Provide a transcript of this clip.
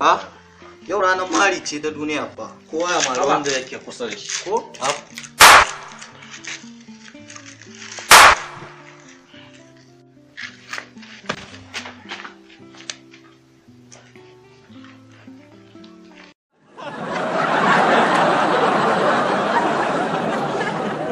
ha yau ranar mari ce ta duniya ba kowa ya malu wanda yake kusa da shi ko